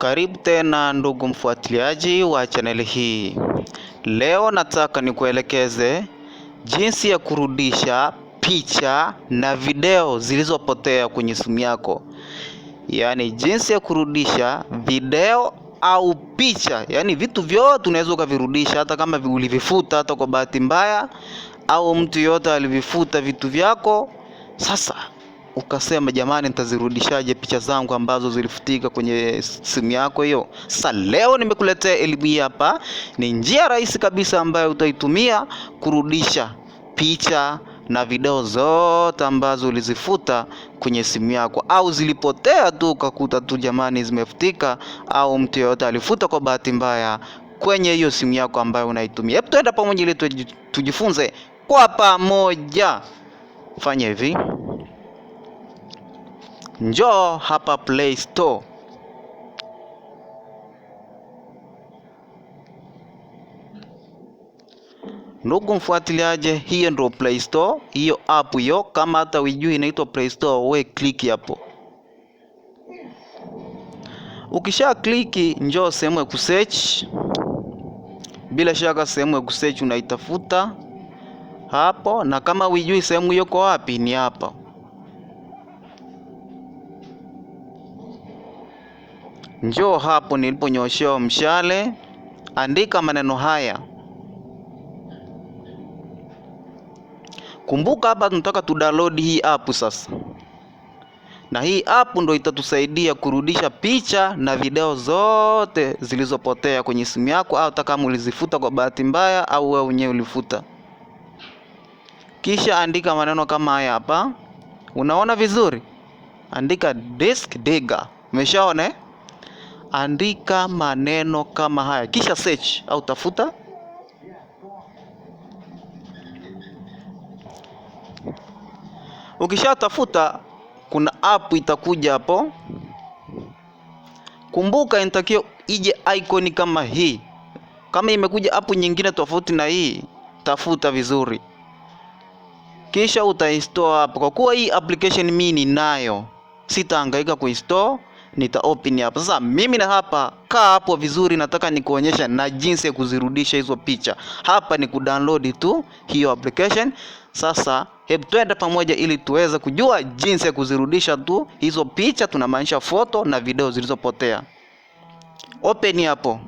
Karibu tena ndugu mfuatiliaji wa chaneli hii. Leo nataka nikuelekeze jinsi ya kurudisha picha na video zilizopotea kwenye simu yako, yaani jinsi ya kurudisha video au picha, yaani vitu vyote unaweza ukavirudisha, hata kama ulivifuta hata kwa bahati mbaya, au mtu yoyote alivifuta vitu vyako. Sasa ukasema jamani, nitazirudishaje picha zangu ambazo zilifutika kwenye simu yako hiyo? Sasa leo nimekuletea elimu hii hapa, ni njia rahisi kabisa ambayo utaitumia kurudisha picha na video zote ambazo ulizifuta kwenye simu yako au zilipotea tu ukakuta tu jamani, zimefutika au mtu yoyote alifuta kwa bahati mbaya kwenye hiyo simu yako ambayo unaitumia. Hebu tuenda pamoja ili tujifunze kwa pamoja. Fanya hivi njoo hapa Play Store. Ndugu mfuatiliaje, hiyo ndio Play Store, hiyo app hiyo. Kama hata wijui inaitwa Play Store, we click hapo. Ukisha kliki, njoo sehemu ya kusearch. Bila shaka sehemu ya kusearch unaitafuta hapo, na kama wijui sehemu hiyo kwa wapi, ni hapa. Njoo hapo niliponyoshewa mshale, andika maneno haya. Kumbuka hapa tunataka tu download hii app sasa, na hii app ndo itatusaidia kurudisha picha na video zote zilizopotea kwenye simu yako, au hata kama ulizifuta kwa bahati mbaya au wewe mwenyewe ulifuta. Kisha andika maneno kama haya hapa. Unaona vizuri? Andika disk digger. Umeshaona eh? andika maneno kama haya, kisha search au tafuta. Ukishatafuta kuna app itakuja hapo. Kumbuka inatakiwa ije icon kama hii. Kama imekuja app nyingine tofauti na hii, tafuta vizuri, kisha utainstall hapo. Kwa kuwa hii application mimi ninayo, sitahangaika kuinstall nita open hapa. Sasa mimi na hapa, kaa hapo vizuri, nataka nikuonyesha na jinsi ya kuzirudisha hizo picha. Hapa ni kudownload tu hiyo application. Sasa hebu twende pamoja ili tuweze kujua jinsi ya kuzirudisha tu hizo picha, tunamaanisha foto na video zilizopotea. Open hapo.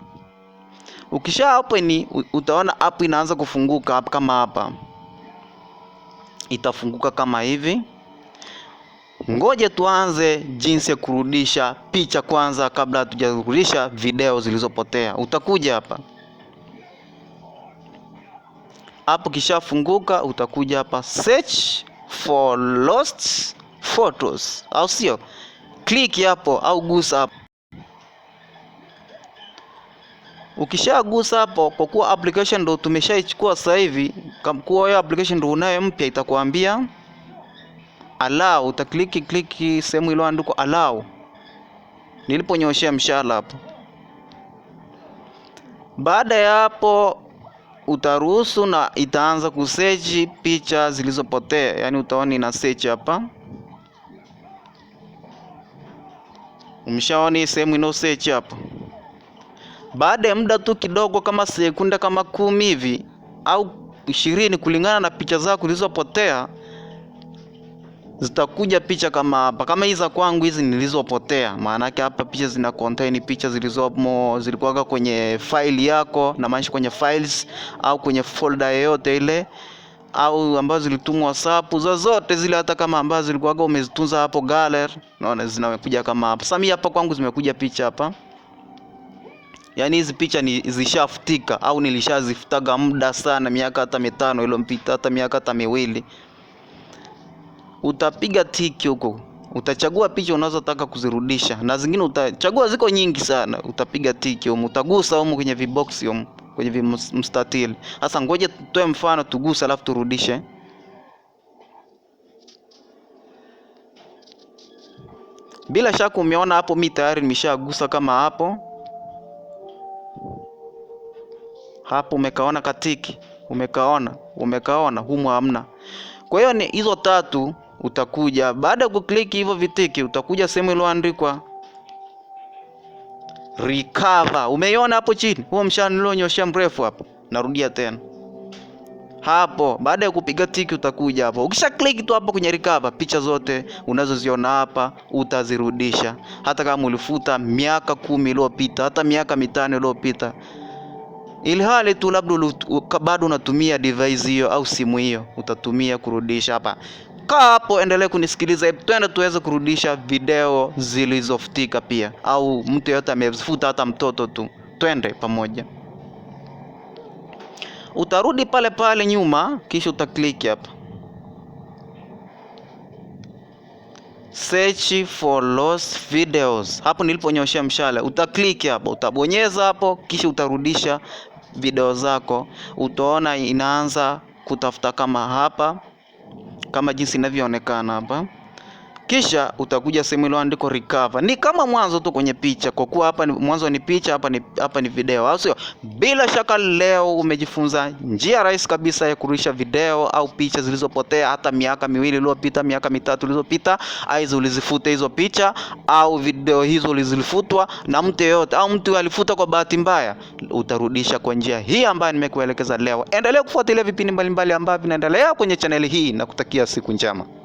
Ukisha open utaona app inaanza kufunguka hapa, kama hapa itafunguka kama hivi. Ngoje tuanze jinsi ya kurudisha picha kwanza, kabla hatujarudisha video zilizopotea. Utakuja hapa hapo, kishafunguka utakuja hapa search for lost photos, au sio? Click hapo au gusa hapo. Ukishagusa hapo, kwa kuwa application ndo tumeshaichukua sasa hivi, kwa kuwa hiyo application ndo unayo mpya, itakwambia allow, utakliki kliki sehemu iliyoandikwa allow niliponyoshea mshale hapo. Baada ya hapo utaruhusu na itaanza kusearch picha zilizopotea, yaani utaona ina search hapa. Umeshaona hii sehemu ina search hapa. Baada ya muda tu kidogo, kama sekunde kama kumi hivi au ishirini, kulingana na picha zako zilizopotea zitakuja picha kama hapa, kama hizi za kwangu hizi nilizopotea. Maana yake hapa picha zina contain picha zilizomo zilikuwa kwenye file yako, na maanisha kwenye files au kwenye folder yoyote ile au ambazo zilitumwa WhatsApp zozote zile, hata kama ambazo zilikuwa umezitunza hapo gallery, naona zinakuja kama hapa. Sasa mimi hapa kwangu zimekuja picha hapa, yaani hizi picha ni zishafutika au nilishazifutaga muda sana, miaka hata mitano iliyopita, hata miaka hata miwili utapiga tiki huko, utachagua picha unazotaka kuzirudisha, na zingine utachagua, ziko nyingi sana, utapiga tiki huko, utagusa huko kwenye vibox huko kwenye vimstatili. Sasa ngoja tutoe mfano, tuguse alafu turudishe. Bila shaka umeona hapo, mi tayari nimeshagusa kama hapo hapo, umekaona katiki, umekaona, umekaona humu hamna. Kwa hiyo ni hizo tatu utakuja baada ya kukliki hivyo vitiki, utakuja sehemu iliyoandikwa recover. Umeiona hapo chini, huo mshale ulionyosha mrefu hapo. Narudia tena hapo, baada ya kupiga tiki utakuja hapo. Ukisha click tu hapo kwenye recover, picha zote unazoziona hapa utazirudisha, hata kama ulifuta miaka kumi iliyopita, hata miaka mitano iliyopita, ili hali tu labda bado unatumia device hiyo au simu hiyo, utatumia kurudisha hapa kaa hapo, endelee kunisikiliza, twende tuweze kurudisha video zilizofutika pia, au mtu yeyote amefuta, hata mtoto tu, twende pamoja. Utarudi pale pale nyuma, kisha utakliki hapa search for lost videos, hapo niliponyoshea mshale, utakliki hapo, utabonyeza hapo, kisha utarudisha video zako. Utaona inaanza kutafuta kama hapa kama jinsi inavyoonekana hapa kisha utakuja sehemu iliyoandikwa recover. Ni kama mwanzo tu kwenye picha, kwa kuwa hapa ni mwanzo ni picha, hapa ni, hapa ni video, au sio? Bila shaka leo umejifunza njia rahisi kabisa ya kurudisha video au picha zilizopotea hata miaka miwili iliyopita, miaka mitatu iliyopita, aidha ulizifute hizo picha au video hizo ulizifutwa na mtu yeyote au mtu alifuta kwa bahati mbaya, utarudisha kwa njia hii ambayo nimekuelekeza leo. Endelea kufuatilia vipindi mbalimbali ambavyo vinaendelea kwenye chaneli hii na kutakia siku njema.